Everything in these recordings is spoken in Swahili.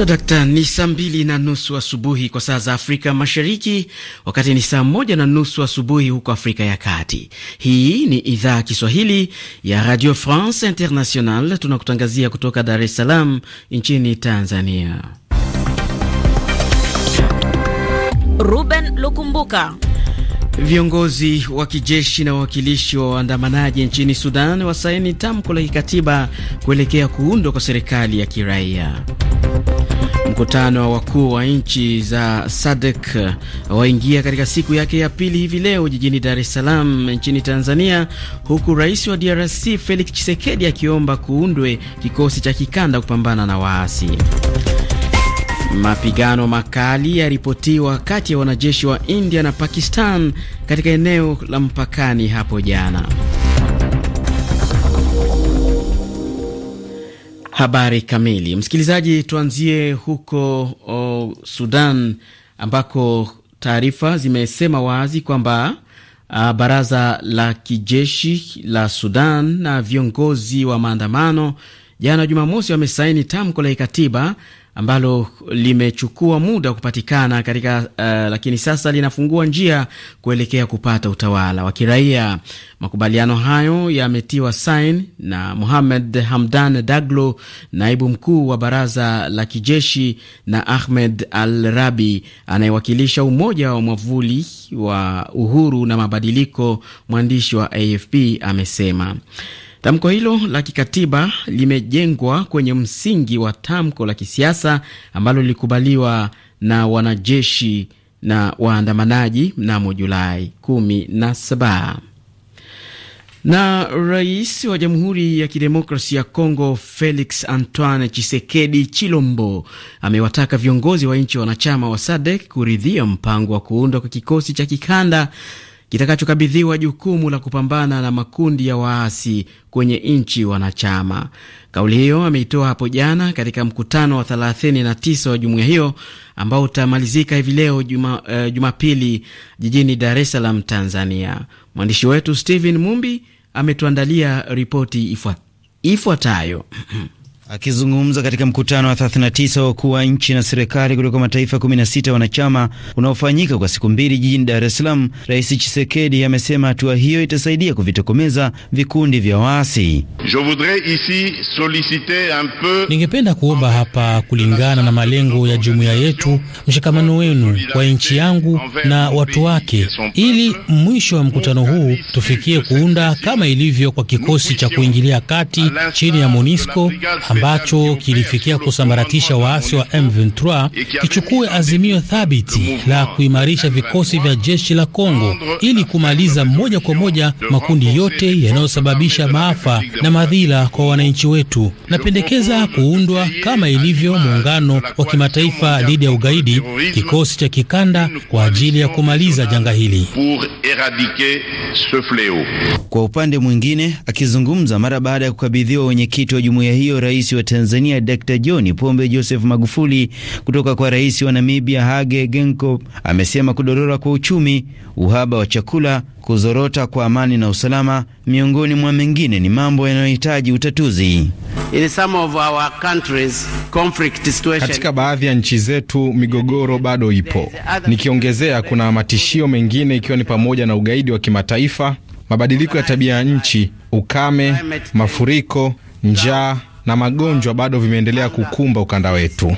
So, dakta, ni saa mbili na nusu asubuhi kwa saa za Afrika Mashariki, wakati ni saa moja na nusu asubuhi huko Afrika ya Kati. Hii ni idhaa ya Kiswahili ya Radio France International, tunakutangazia kutoka Dar es Salaam nchini Tanzania. Ruben Lukumbuka Viongozi wa kijeshi na wawakilishi wa waandamanaji nchini Sudan wasaini tamko la kikatiba kuelekea kuundwa kwa serikali ya kiraia. Mkutano wa wakuu wa nchi za SADC waingia katika siku yake ya pili hivi leo jijini Dar es Salaam nchini Tanzania, huku rais wa DRC Felix Tshisekedi akiomba kuundwe kikosi cha kikanda kupambana na waasi. Mapigano makali yaripotiwa kati ya wanajeshi wa India na Pakistan katika eneo la mpakani hapo jana. Habari kamili, msikilizaji, tuanzie huko o, Sudan ambako taarifa zimesema wazi kwamba a, baraza la kijeshi la Sudan na viongozi wa maandamano jana Jumamosi wamesaini tamko la kikatiba ambalo limechukua muda kupatikana katika uh, lakini sasa linafungua njia kuelekea kupata utawala wa kiraia. Makubaliano hayo yametiwa sain na Mohamed Hamdan Daglo, naibu mkuu wa baraza la kijeshi, na Ahmed Al Rabi anayewakilisha Umoja wa Mwavuli wa Uhuru na Mabadiliko. Mwandishi wa AFP amesema Tamko hilo la kikatiba limejengwa kwenye msingi wa tamko la kisiasa ambalo lilikubaliwa na wanajeshi na waandamanaji mnamo Julai 17. Na rais wa Jamhuri ya kidemokrasi ya congo Felix Antoine Chisekedi Chilombo amewataka viongozi wa nchi wanachama wa sadek kuridhia mpango wa kuundwa kwa kikosi cha kikanda kitakachokabidhiwa jukumu la kupambana na makundi ya waasi kwenye nchi wanachama. Kauli hiyo ameitoa hapo jana katika mkutano wa 39 wa jumuiya hiyo ambao utamalizika hivi leo juma, uh, Jumapili jijini Dar es Salaam, Tanzania. Mwandishi wetu Stephen Mumbi ametuandalia ripoti ifuatayo. Akizungumza katika mkutano wa 39 wa kuwa nchi na serikali kutoka mataifa 16 wanachama unaofanyika kwa siku mbili jijini Dar es Salaam, Rais chisekedi amesema hatua hiyo itasaidia kuvitokomeza vikundi vya waasi. Ningependa kuomba hapa, kulingana na malengo ya jumuiya yetu, mshikamano wenu kwa nchi yangu na watu wake, ili mwisho wa mkutano huu tufikie kuunda kama ilivyo kwa kikosi cha kuingilia kati chini ya MONUSCO ambacho kilifikia kusambaratisha waasi wa M23 kichukue azimio thabiti la kuimarisha vikosi vya jeshi la Kongo ili kumaliza moja kwa moja makundi yote yanayosababisha maafa na madhila kwa wananchi wetu. Napendekeza kuundwa kama ilivyo muungano wa kimataifa dhidi ya ugaidi, kikosi cha kikanda kwa ajili ya kumaliza janga hili. Kwa upande mwingine, akizungumza mara baada ya kukabidhiwa wenyekiti wa jumuiya hiyo, rais rais wa Tanzania Dr. John Pombe Joseph Magufuli kutoka kwa rais wa Namibia Hage Geingob amesema kudorora kwa uchumi, uhaba wa chakula, kuzorota kwa amani na usalama, miongoni mwa mengine ni mambo yanayohitaji utatuzi. In some of our countries, conflict situation... Katika baadhi ya nchi zetu migogoro bado ipo. Nikiongezea, kuna matishio mengine ikiwa ni pamoja na ugaidi wa kimataifa, mabadiliko ya tabia ya nchi, ukame, mafuriko, njaa na magonjwa bado vimeendelea kukumba ukanda wetu.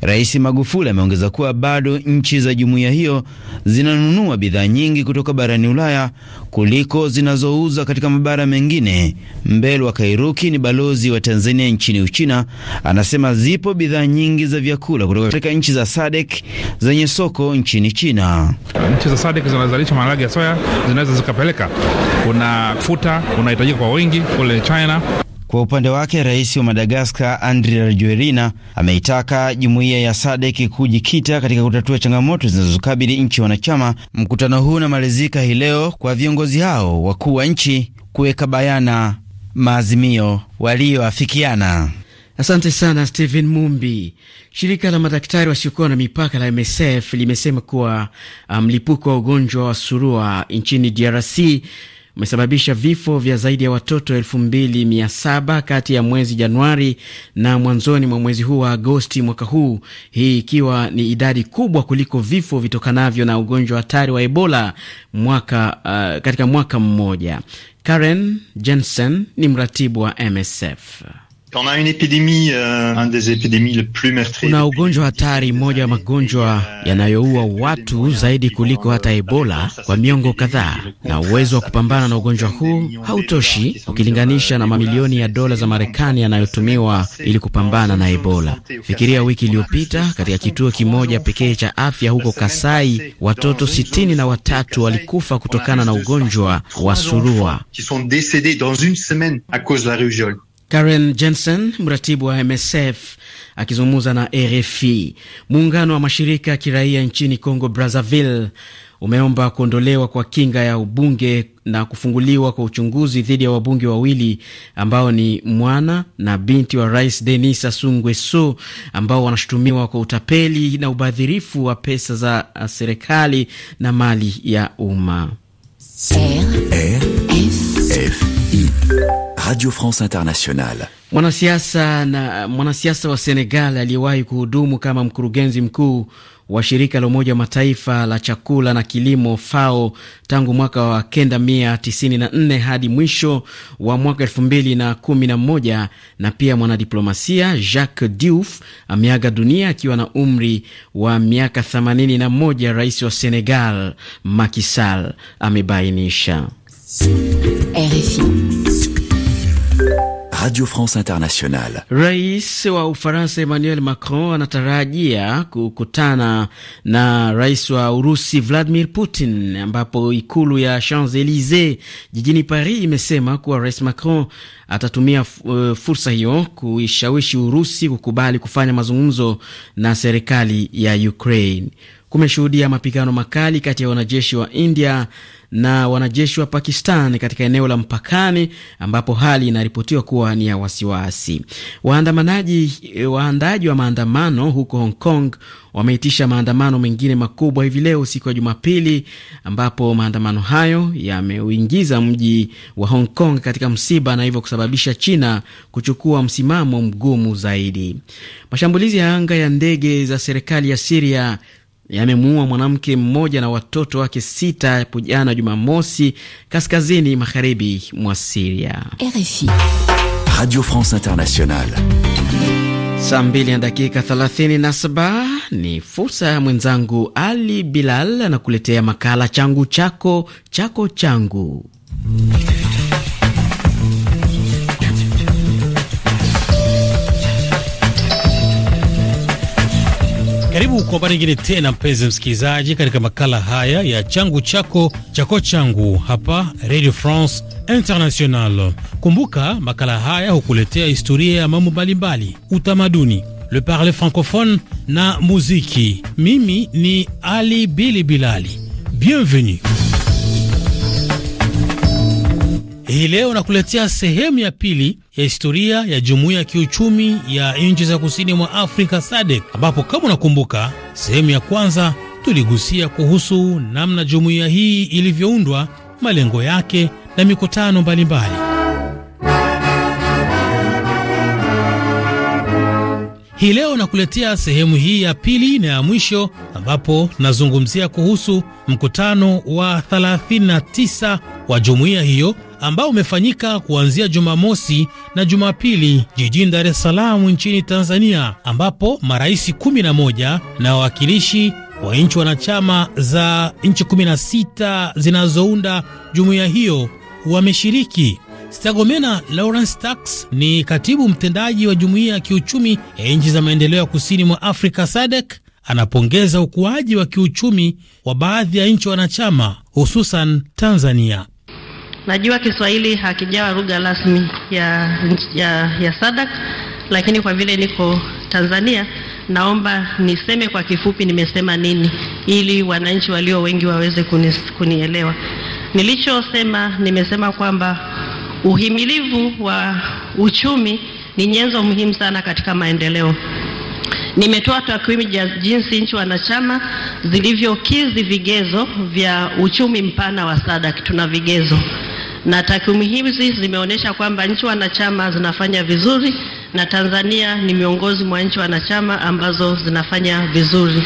Rais Magufuli ameongeza kuwa bado nchi za jumuiya hiyo zinanunua bidhaa nyingi kutoka barani Ulaya kuliko zinazouza katika mabara mengine. Mbelwa Kairuki ni balozi wa Tanzania nchini Uchina, anasema zipo bidhaa nyingi za vyakula kutoka katika nchi za SADC zenye soko nchini China. Nchi za SADC zinazalisha maharage ya soya, zinaweza zikapeleka. Kuna futa unahitajika kwa wingi kule China kwa upande wake rais wa Madagaskar Andri Rajoelina ameitaka jumuiya ya SADEK kujikita katika kutatua changamoto zinazokabili nchi wanachama. Mkutano huu unamalizika hii leo kwa viongozi hao wakuu wa nchi kuweka bayana maazimio waliyoafikiana. Asante sana Stephen Mumbi. Shirika la madaktari wasiokuwa na mipaka la MSF limesema kuwa uh, mlipuko um, wa ugonjwa wa surua nchini DRC umesababisha vifo vya zaidi ya watoto 2700 kati ya mwezi Januari na mwanzoni mwa mwezi huu wa Agosti mwaka huu, hii ikiwa ni idadi kubwa kuliko vifo vitokanavyo na ugonjwa hatari wa Ebola mwaka, uh, katika mwaka mmoja. Karen Jensen ni mratibu wa MSF uh, le plus meurtrier. Kuna ugonjwa hatari, mmoja wa euh, magonjwa euh, yanayoua watu zaidi kuliko hata Ebola kwa miongo kadhaa, na uwezo wa kupambana na ugonjwa huu hautoshi ukilinganisha na mamilioni ya dola za Marekani yanayotumiwa ili kupambana na Ebola. Fikiria, wiki iliyopita katika kituo kimoja pekee cha afya huko Kasai, watoto sitini na watatu walikufa kutokana na ugonjwa wa surua. Karen Jensen, mratibu wa MSF akizungumza na RFI. Muungano wa mashirika ya kiraia nchini Congo Brazzaville umeomba kuondolewa kwa kinga ya ubunge na kufunguliwa kwa uchunguzi dhidi ya wabunge wawili ambao ni mwana na binti wa rais Denis Sassou Nguesso ambao wanashutumiwa kwa utapeli na ubadhirifu wa pesa za serikali na mali ya umma. RFI Radio France Internationale. Mwanasiasa na mwanasiasa wa Senegal aliyewahi kuhudumu kama mkurugenzi mkuu wa shirika la Umoja wa Mataifa la chakula na kilimo FAO tangu mwaka wa kenda 94 hadi mwisho wa mwaka 2011 na, na pia mwanadiplomasia Jacques Diouf ameaga dunia akiwa na umri wa miaka 81. Rais wa Senegal Macky Sall amebainisha RFI. Radio France Internationale. Rais wa Ufaransa Emmanuel Macron anatarajia kukutana na rais wa Urusi Vladimir Putin, ambapo ikulu ya Champs-Elysees jijini Paris imesema kuwa rais Macron atatumia eh, fursa hiyo kuishawishi Urusi kukubali kufanya mazungumzo na serikali ya Ukraine. Kumeshuhudia mapigano makali kati ya wanajeshi wa India na wanajeshi wa Pakistan katika eneo la mpakani ambapo hali inaripotiwa kuwa ni ya wasiwasi. Waandamanaji, waandaji wa maandamano huko Hong Kong wameitisha maandamano mengine makubwa hivi leo siku ya Jumapili, ambapo maandamano hayo yameuingiza mji wa Hong Kong katika msiba na hivyo kusababisha China kuchukua msimamo mgumu zaidi. Mashambulizi ya anga ya ndege za serikali ya Siria yamemuua mwanamke mmoja na watoto wake sita hapo jana Jumamosi, kaskazini magharibi mwa Siria. RFI Radio France Internationale. Saa mbili na dakika 37 ni fursa ya mwenzangu Ali Bilal anakuletea makala changu chako chako changu Karibu kwa habari nyingine tena, mpenzi msikilizaji, katika makala haya ya changu chako chako changu hapa Radio France International. Kumbuka makala haya hukuletea historia ya mambo mbalimbali, utamaduni, le parle francophone na muziki. Mimi ni Ali Bili Bilali, bienvenue. Hii leo nakuletea sehemu ya pili ya historia ya jumuiya ya kiuchumi ya nchi za kusini mwa Afrika SADC, ambapo kama unakumbuka, sehemu ya kwanza tuligusia kuhusu namna jumuiya hii ilivyoundwa, malengo yake na mikutano mbalimbali. Hii leo nakuletea sehemu hii ya pili na ya mwisho, ambapo nazungumzia kuhusu mkutano wa 39 wa jumuiya hiyo ambao umefanyika kuanzia Jumamosi na Jumapili jijini Dar es Salaam nchini Tanzania, ambapo marais 11 na wawakilishi wa nchi wanachama za nchi 16 zinazounda jumuiya hiyo wameshiriki. Stagomena Lawrence Tax ni katibu mtendaji wa jumuiya ya kiuchumi ya nchi za maendeleo ya kusini mwa Afrika SADC anapongeza ukuaji wa kiuchumi wa baadhi ya nchi wanachama hususan Tanzania. Najua Kiswahili hakijawa lugha rasmi ya, ya, ya SADC, lakini kwa vile niko Tanzania naomba niseme kwa kifupi nimesema nini ili wananchi walio wengi waweze kunielewa. Nilichosema nimesema kwamba Uhimilivu wa uchumi ni nyenzo muhimu sana katika maendeleo. Nimetoa takwimu ya jinsi nchi wanachama zilivyokizi vigezo vya uchumi mpana wa SADC. Tuna vigezo na takwimu hizi zimeonyesha kwamba nchi wanachama zinafanya vizuri na Tanzania ni miongoni mwa nchi wanachama ambazo zinafanya vizuri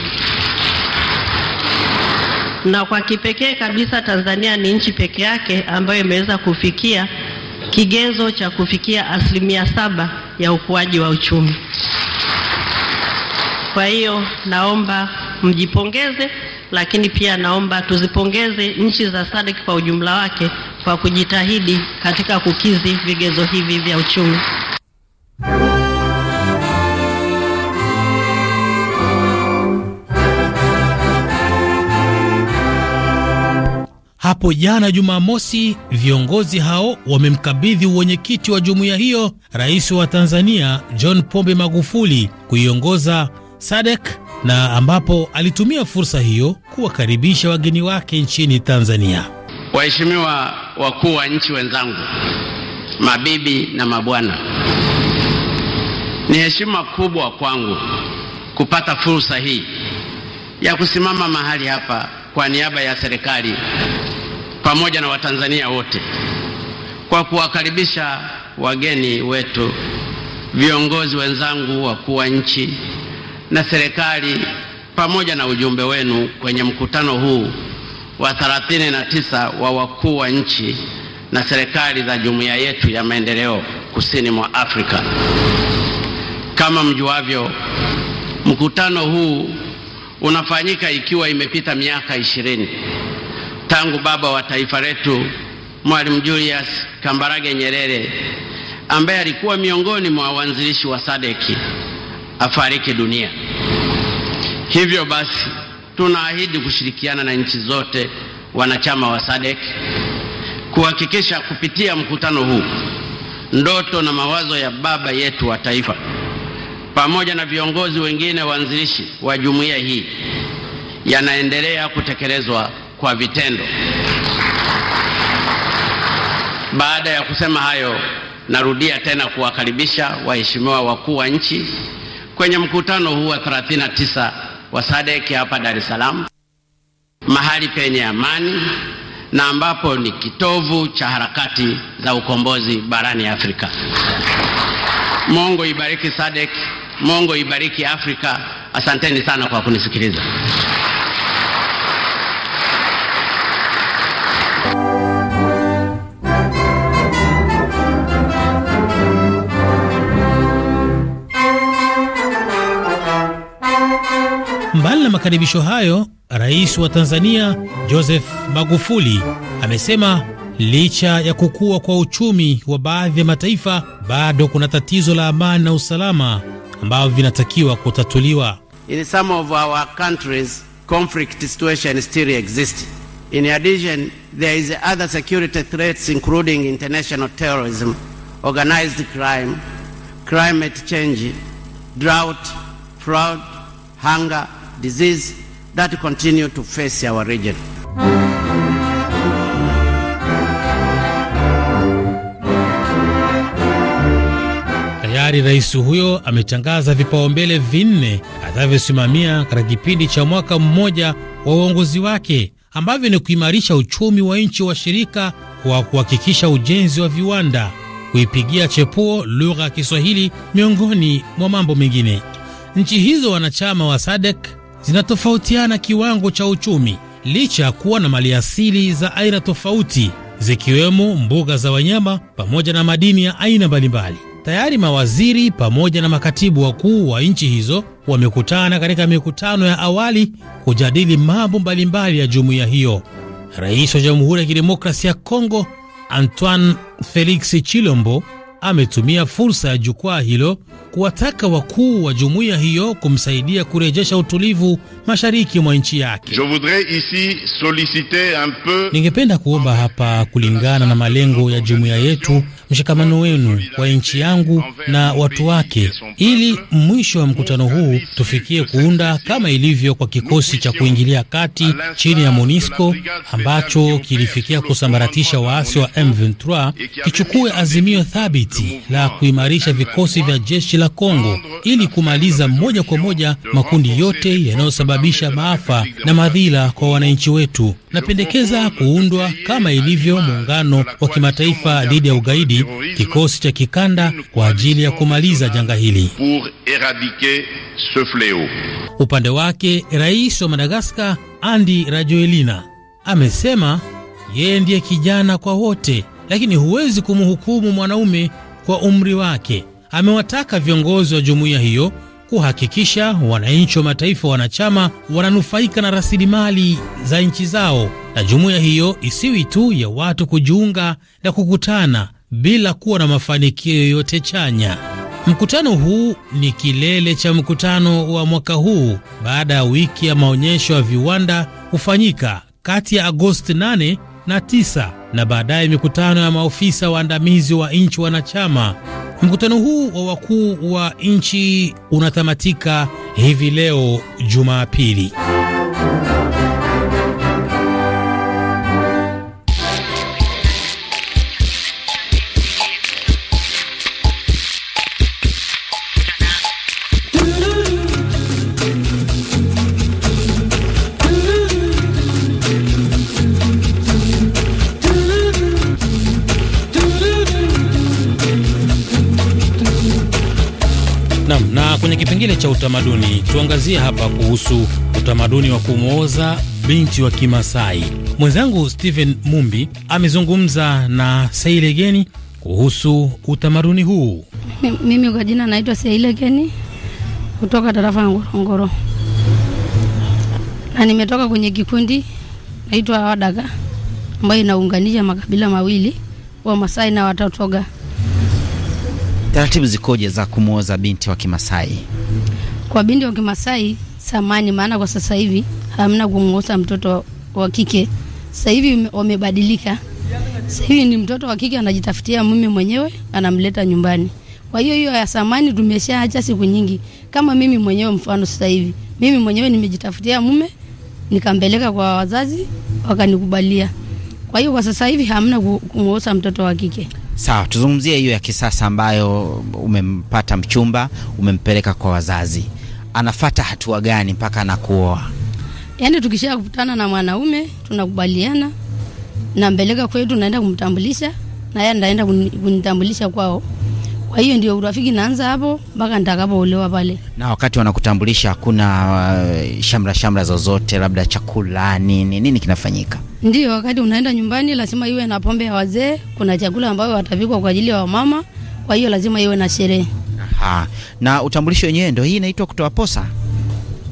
na kwa kipekee kabisa Tanzania ni nchi peke yake ambayo imeweza kufikia kigezo cha kufikia asilimia saba ya ukuaji wa uchumi. Kwa hiyo naomba mjipongeze, lakini pia naomba tuzipongeze nchi za SADC kwa ujumla wake kwa kujitahidi katika kukizi vigezo hivi vya uchumi. hapo jana Jumamosi, viongozi hao wamemkabidhi uwenyekiti wa jumuiya hiyo rais wa Tanzania John Pombe Magufuli kuiongoza SADC na ambapo alitumia fursa hiyo kuwakaribisha wageni wake nchini Tanzania. Waheshimiwa wakuu wa nchi wenzangu, mabibi na mabwana, ni heshima kubwa kwangu kupata fursa hii ya kusimama mahali hapa kwa niaba ya serikali pamoja na Watanzania wote kwa kuwakaribisha wageni wetu, viongozi wenzangu, wakuu wa nchi na serikali, pamoja na ujumbe wenu kwenye mkutano huu wa 39 wa wakuu wa nchi na serikali za jumuiya yetu ya maendeleo kusini mwa Afrika. Kama mjuavyo, mkutano huu unafanyika ikiwa imepita miaka ishirini tangu baba wa taifa letu Mwalimu Julius Kambarage Nyerere ambaye alikuwa miongoni mwa waanzilishi wa Sadeki afariki dunia. Hivyo basi, tunaahidi kushirikiana na nchi zote wanachama wa Sadek kuhakikisha kupitia mkutano huu ndoto na mawazo ya baba yetu wa taifa pamoja na viongozi wengine waanzilishi wa jumuiya hii yanaendelea kutekelezwa kwa vitendo. Baada ya kusema hayo, narudia tena kuwakaribisha waheshimiwa wakuu wa nchi kwenye mkutano huu wa 39 wa SADC hapa Dar es Salaam, mahali penye amani na ambapo ni kitovu cha harakati za ukombozi barani Afrika. Mungu ibariki SADC, Mungu ibariki Afrika. Asanteni sana kwa kunisikiliza. na makaribisho hayo, rais wa Tanzania Joseph Magufuli amesema licha ya kukua kwa uchumi wa baadhi ya mataifa, bado kuna tatizo la amani na usalama ambavyo vinatakiwa kutatuliwa. In some of our countries conflict situation still exists. In addition, there is other security threats including international terrorism, organized crime, climate change, drought, hunger disease that continue to face our region. Tayari rais huyo ametangaza vipaumbele vinne atavyosimamia katika kipindi cha mwaka mmoja wa uongozi wake ambavyo ni kuimarisha uchumi wa nchi wa shirika kwa kuhakikisha ujenzi wa viwanda, kuipigia chepuo lugha ya Kiswahili miongoni mwa mambo mengine. Nchi hizo wanachama wa SADC zinatofautiana kiwango cha uchumi licha ya kuwa na maliasili za aina tofauti zikiwemo mbuga za wanyama pamoja na madini ya aina mbalimbali. Tayari mawaziri pamoja na makatibu wakuu wa nchi hizo wamekutana katika mikutano ya awali kujadili mambo mbalimbali ya jumuiya hiyo. Rais wa Jamhuri ya Kidemokrasia ya Kongo Antoine Felix Chilombo ametumia fursa ya jukwaa hilo kuwataka wakuu wa jumuiya hiyo kumsaidia kurejesha utulivu mashariki mwa nchi yake. Ningependa kuomba hapa, kulingana na malengo ya jumuiya yetu mshikamano wenu wa nchi yangu na watu wake, ili mwisho wa mkutano huu tufikie kuunda kama ilivyo kwa kikosi cha kuingilia kati chini ya MONUSCO ambacho kilifikia kusambaratisha waasi wa M23, kichukue azimio thabiti la kuimarisha vikosi vya jeshi la Kongo ili kumaliza moja kwa moja makundi yote yanayosababisha maafa na madhila kwa wananchi wetu. Napendekeza kuundwa kama ilivyo muungano wa kimataifa dhidi ya ugaidi, kikosi cha kikanda kwa ajili ya kumaliza janga hili. Upande wake, rais wa Madagaskar Andi Rajoelina amesema yeye ndiye kijana kwa wote, lakini huwezi kumhukumu mwanaume kwa umri wake. Amewataka viongozi wa jumuiya hiyo kuhakikisha wananchi wa mataifa wanachama wananufaika na rasilimali za nchi zao, na jumuiya hiyo isiwi tu ya watu kujiunga na kukutana bila kuwa na mafanikio yoyote chanya. Mkutano huu ni kilele cha mkutano wa mwaka huu baada ya wiki ya maonyesho ya viwanda kufanyika kati ya Agosti 8 na 9 na baadaye mikutano ya maofisa waandamizi wa, wa nchi wanachama Mkutano huu wa wakuu wa nchi unatamatika hivi leo Jumapili. utamaduni, tuangazie hapa kuhusu utamaduni wa kumwoza binti wa Kimasai. Mwenzangu Stephen Mumbi amezungumza na Sailegeni kuhusu utamaduni huu. Mimi kwa jina naitwa Sailegeni kutoka tarafa ya Ngorongoro na nimetoka kwenye kikundi naitwa Wadaga ambayo inaunganisha makabila mawili wa Masai na Watatoga. Taratibu zikoje za kumwoza binti wa Kimasai? kwa binti wa Kimasai samani, maana kwa sasa hivi hamna kumgusa mtoto wa kike. Sasa hivi wamebadilika, sasa hivi ni mtoto wa kike anajitafutia mume mwenyewe, anamleta nyumbani. Kwa hiyo hiyo ya samani tumeshaacha siku nyingi. Kama mimi mwenyewe mfano, sasa hivi mimi mwenyewe nimejitafutia mume nikampeleka kwa wazazi wakanikubalia. Kwa hiyo kwa sasa hivi hamna kumwosa mtoto wa kike. Sawa, tuzungumzie hiyo ya kisasa ambayo umempata mchumba, umempeleka kwa wazazi anafata hatua gani mpaka anakuoa? Yaani tukisha kukutana na mwanaume tunakubaliana, nampeleka kwetu, naenda kumtambulisha na yeye anaenda kunitambulisha kwao. Kwa hiyo ndio urafiki naanza hapo mpaka nitakapoolewa pale. Na wakati wanakutambulisha hakuna uh, shamra shamra zozote, labda chakula nini nini kinafanyika? Ndio wakati unaenda nyumbani, lazima iwe na pombe ya wazee. Kuna chakula ambayo watapikwa kwa ajili ya wamama, kwa hiyo lazima iwe na sherehe. Aha. Na utambulisho wenyewe ndio hii inaitwa kutoa posa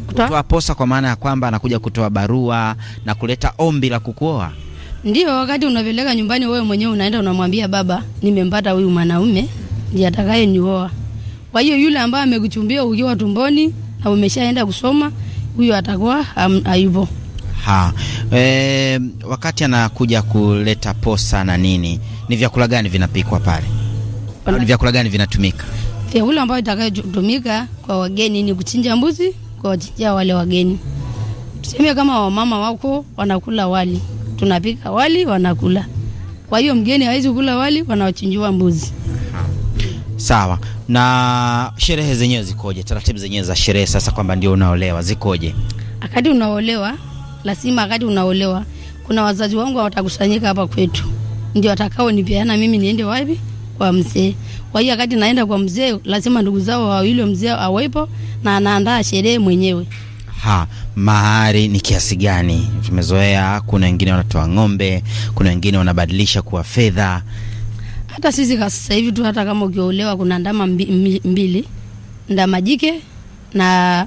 kutoa posa kwa maana ya kwamba anakuja kutoa barua na kuleta ombi la kukuoa. Ndio wakati unapeleka nyumbani, wewe mwenyewe unaenda unamwambia baba, nimempata huyu mwanaume ndiye atakaye nioa. Kwa hiyo yule ambaye amekuchumbia ukiwa tumboni na umeshaenda kusoma, huyo atakuwa hayupo. Ah, ha. E, wakati anakuja kuleta posa na nini, ni vyakula gani vinapikwa pale? Ni vyakula gani vinatumika? Vyakula ambayo itakayotumika kwa wageni ni kuchinja mbuzi, kwa kuwachinjia wale wageni. Tuseme kama wamama wako wanakula wali, tunapika wali, wanakula. Kwa hiyo mgeni hawezi kula wali, wanawachinjua mbuzi. Sawa. Na sherehe zenyewe zikoje? Taratibu zenyewe za sherehe sasa, kwamba ndio unaolewa zikoje? Akati unaolewa, lazima akati unaolewa kuna wazazi wangu watakusanyika hapa kwetu, ndio watakao nipeana mimi niende wapi wa mzee. Kwa hiyo wakati naenda kwa mzee, lazima ndugu zao wawili mzee awepo na anaandaa sherehe mwenyewe. Ha, mahari ni kiasi gani? Tumezoea, kuna wengine wanatoa ng'ombe, kuna wengine wanabadilisha kuwa fedha. Hata sisi kwa sasa hivi tu, hata kama ukiolewa, kuna ndama mbili, ndama jike na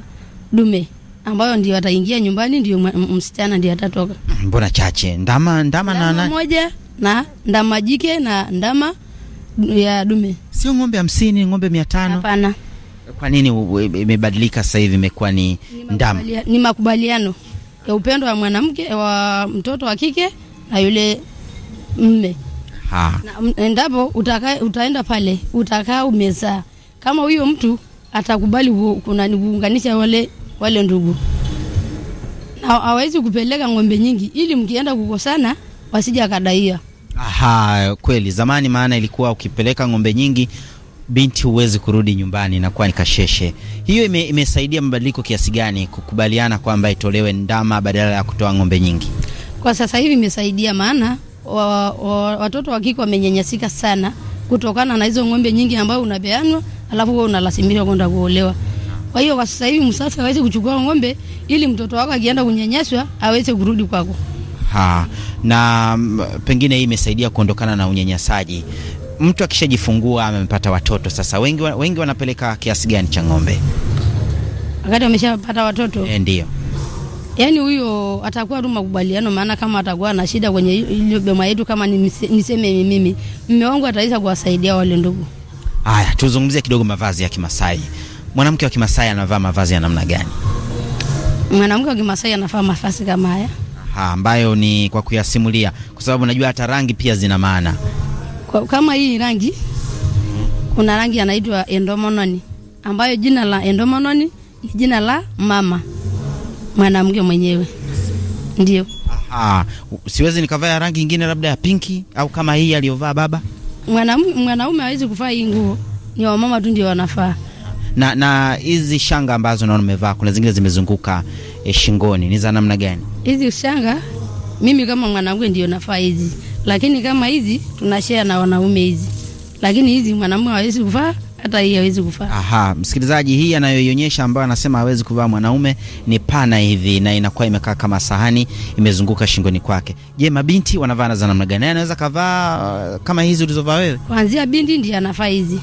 dume ambayo ndio wataingia nyumbani, ndio msichana ndio atatoka. Mbona chache? Ndama ndama, ndama na moja na ndama jike na ndama ya dume, sio ng'ombe hamsini, ng'ombe mia tano? Hapana. Kwa nini imebadilika sasa hivi imekuwa ni ndama? Ni makubaliano ya upendo wa mwanamke wa mtoto wa kike na yule mme. Mm, endapo utaka, utaenda pale utakaa umezaa, kama huyo mtu atakubali kuunganisha wale, wale ndugu, na hawezi kupeleka ng'ombe nyingi ili mkienda kukosana wasija kadaia Aha, kweli zamani, maana ilikuwa ukipeleka ng'ombe nyingi binti huwezi kurudi nyumbani, inakuwa ni kasheshe. Hiyo ime, imesaidia mabadiliko kiasi gani kukubaliana kwamba itolewe ndama badala ya kutoa ng'ombe nyingi? Kwa sasa hivi imesaidia, maana wa, wa, watoto wa kike wamenyanyasika sana kutokana na hizo ng'ombe nyingi ambayo unapeanwa, alafu wewe unalasimika kwenda kuolewa. Kwa hiyo kwa sasa hivi msafi hawezi kuchukua ng'ombe ili mtoto wako akienda kunyanyaswa aweze kurudi kwako ha, na pengine hii imesaidia kuondokana na unyanyasaji. Mtu akishajifungua amepata watoto sasa, wengi, wengi wanapeleka kiasi gani cha ng'ombe wakati wameshapata watoto e, ndio yaani huyo atakuwa tu makubaliano, maana kama atakuwa na shida kwenye ile boma yetu, kama niseme mimi mume wangu ataweza kuwasaidia wale ndugu. Haya, tuzungumzie kidogo mavazi ya Kimasai. Mwanamke wa Kimasai anavaa mavazi ya namna gani? Mwanamke wa Kimasai anavaa mavazi kama haya ha, ambayo ni kwa kuyasimulia, kwa sababu najua hata rangi pia zina maana kama hii rangi. Kuna rangi anaitwa endomononi, ambayo jina la endomononi ni jina la mama mwanamke mwenyewe, ndio. Aha, siwezi nikavaa rangi nyingine, labda ya pinki au kama hii aliyovaa baba. Mwanaume hawezi kuvaa hii nguo, ni wamama tu ndio wanafaa na na hizi shanga ambazo naona umevaa, kuna zingine zimezunguka e, shingoni, ni za namna gani hizi shanga? Mimi kama mwanamke ndio nafaa hizi, lakini kama hizi tunashare na wanaume hizi, lakini hizi mwanamume hawezi kuvaa hata hii hawezi kuvaa. Aha, msikilizaji, hii anayoionyesha ambayo anasema hawezi kuvaa mwanaume ni pana hivi na inakuwa imekaa kama sahani imezunguka shingoni kwake. Je, mabinti wanavaa za namna gani? Yaani anaweza kavaa uh, kama hizi ulizovaa wewe? Kuanzia binti ndiye anafaa hizi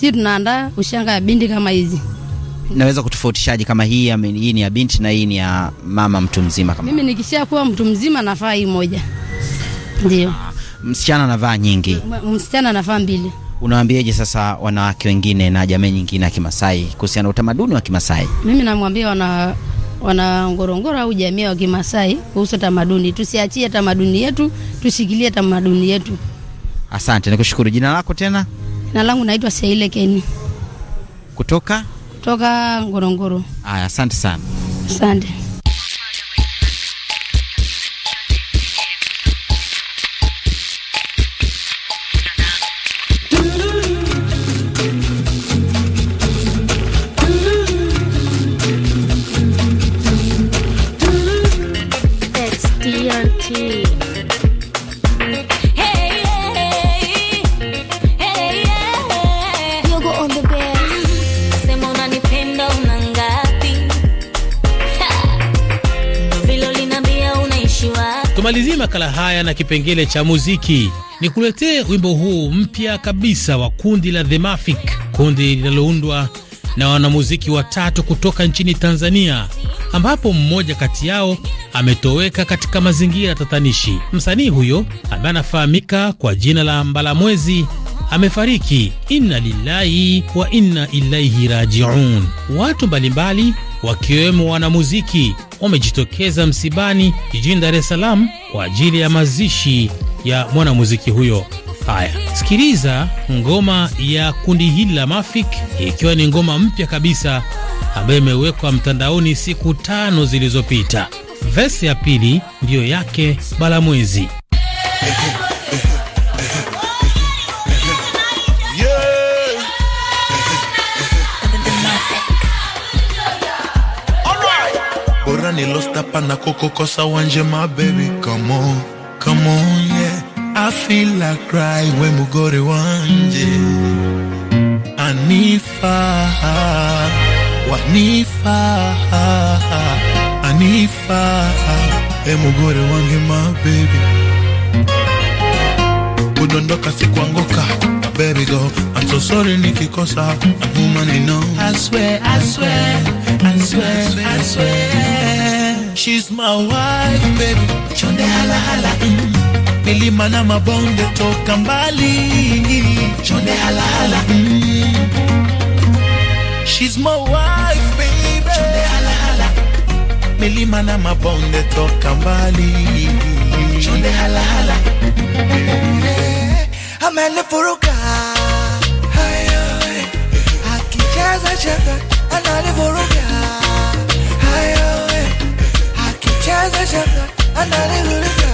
si tunaandaa ushanga ya binti kama hizi. Naweza kutofautishaje kama hii hii ni ya binti na hii ni ya mama mtu mzima? Kama mimi kuwa mtu mzima nafaa hii moja, ndio ah, msichana anavaa nyingi, msichana anavaa mbili. Unawaambiaje sasa wanawake wengine na jamii nyingine ya Kimasai kuhusiana na utamaduni wa Kimasai? Mimi namwambia wana wana Ngorongoro au jamii ya Kimasai kuhusu tamaduni, tusiachie tamaduni yetu, tushikilie tamaduni yetu. Asante, nikushukuru. Jina lako tena? na langu naitwa Seile Keni kutoka kutoka Ngorongoro. Aya, asante sana, asante. Tumalizie makala haya na kipengele cha muziki. Nikuletee wimbo huu mpya kabisa wa kundi la The Mafic, kundi linaloundwa na wanamuziki watatu kutoka nchini Tanzania, ambapo mmoja kati yao ametoweka katika mazingira tatanishi. Msanii huyo ambaye anafahamika kwa jina la Mbalamwezi amefariki. Inna lillahi wa inna ilaihi rajiun. Watu mbalimbali wakiwemo wanamuziki wamejitokeza msibani jijini Dar es Salaam kwa ajili ya mazishi ya mwanamuziki huyo. Haya, sikiliza ngoma ya kundi hili la Mafik, ikiwa ni ngoma mpya kabisa ambayo imewekwa mtandaoni siku tano zilizopita. Vesi ya pili ndiyo yake Balamwezi. ni lost up na koko kosa wanje my baby come on come on yeah I feel like cry when we go to wanje Anifa Wanifa Anifa mugore wange my baby Kudondoka sikuangoka baby girl. I'm so sorry nikikosa, I'm human I know. I swear, I swear, I swear, I swear. She's my wife, baby. Chonde hala hala. Mm. Milima na mabonde toka mbali. Chonde hala hala. Mm. She's my wife, baby. Chonde hala hala. Mm. Milima na mabonde toka mbali. Chonde hala hala. Yeah. Mm amelifuruka akicheza cheka analivuruga akicheza cheka analivuruga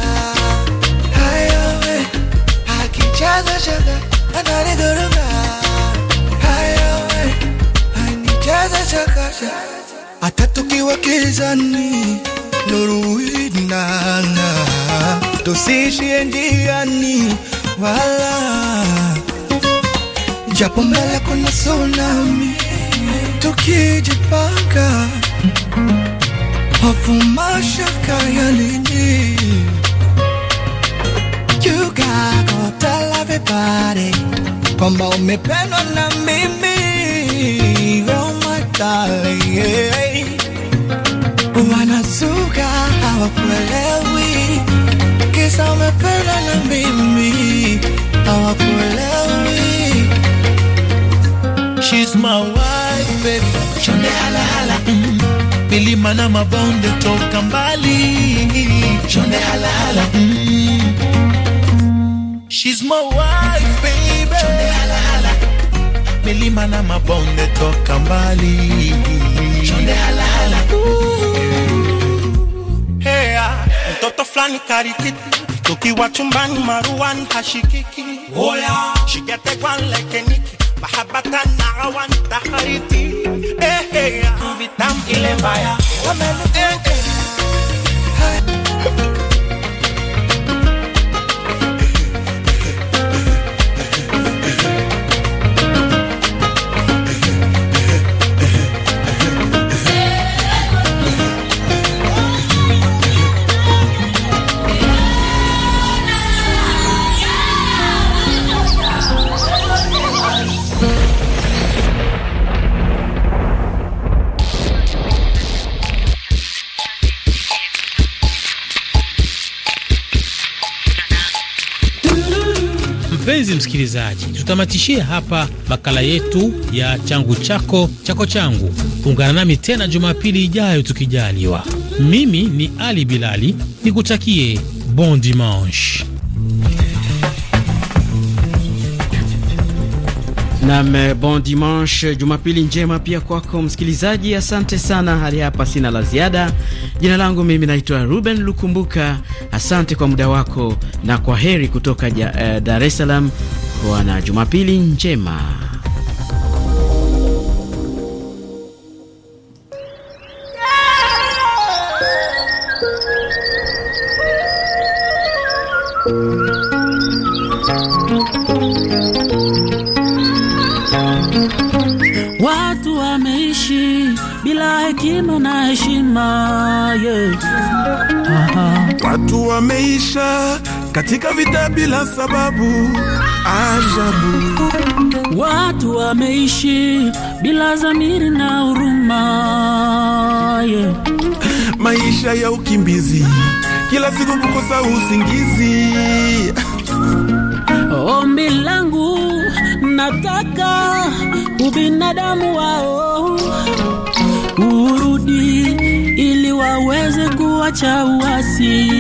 akicheza cheka analivuruga anicheza cheka hata tukiwa kizani nuruinana tusiishie njiani wala japo mbele kuna tsunami, tukijipanga hofu mashaka yalini jukakotala kwamba umependwa na mimi omatale wanasuka hawakuelewa sasa wamependa na mimi hawakuelewi. She's my wife baby, shonde halahala mm. milima na mabonde toka mbali, shonde halahala mm. She's my wife baby, shonde halahala mm. milima na mabonde toka mbali, shonde halahala mm. Hey, ah, mtoto fulani karikiti tukiwa chumbani maruan hashikiki Oya. shigete gwanlekeniki mahabatana awan tahariti eh, eh, ile mbaya eh, eh. msikilizaji, tutamatishie hapa makala yetu ya changu chako chako changu. Ungana nami tena Jumapili ijayo tukijaliwa. Mimi ni Ali Bilali, nikutakie bon dimanche. Nam, bon dimanche, jumapili njema pia kwako msikilizaji. Asante sana, hali hapa sina la ziada. Jina langu mimi naitwa Ruben Lukumbuka. Asante kwa muda wako na kwa heri kutoka ja, eh, Dar es Salaam, kuwa na Jumapili njema. Watu wameishi bila hekima na heshima yeah. Watu wameisha katika vita bila sababu ajabu. Watu wameishi bila zamiri na huruma, yeah. Maisha ya ukimbizi, kila siku kukosa usingizi. Ombi langu nataka ubinadamu wao urudi ili waweze kuwacha uasi.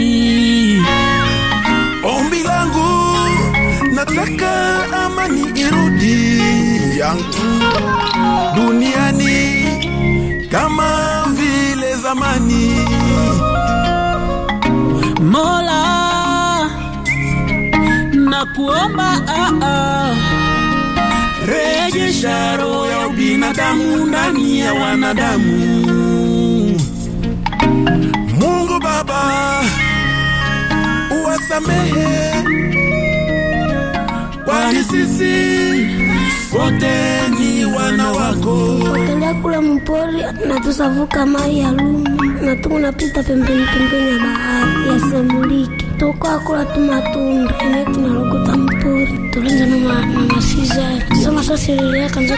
yangu duniani kama vile zamani. Mola nakuomba, ah, ah. rejesha roho ya ubinadamu ndani ya wanadamu. Mungu Baba, uwasamehe kwani sisi wote ni wana wako. Ukienda kula mpori na tusavuka mai ya lumi na tunapita pembeni pembeni ya bahari ya Semuliki tukakula tu matunda ene tunalokota mpori tulinza na masizari soma sasa liliaka nzo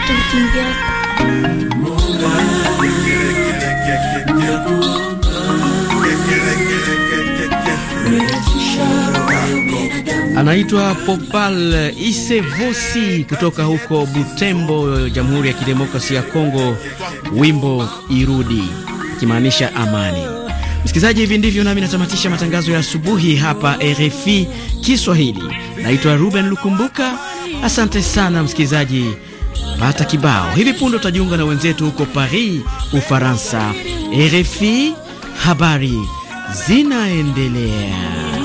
Anaitwa Popal Isevosi kutoka huko Butembo, Jamhuri ya Kidemokrasia ya Kongo, wimbo Irudi ikimaanisha amani. Msikilizaji, hivi ndivyo nami natamatisha matangazo ya asubuhi hapa RFI Kiswahili. Naitwa Ruben Lukumbuka, asante sana msikilizaji. Pata kibao hivi punde, utajiunga na wenzetu huko Paris, Ufaransa. RFI habari zinaendelea.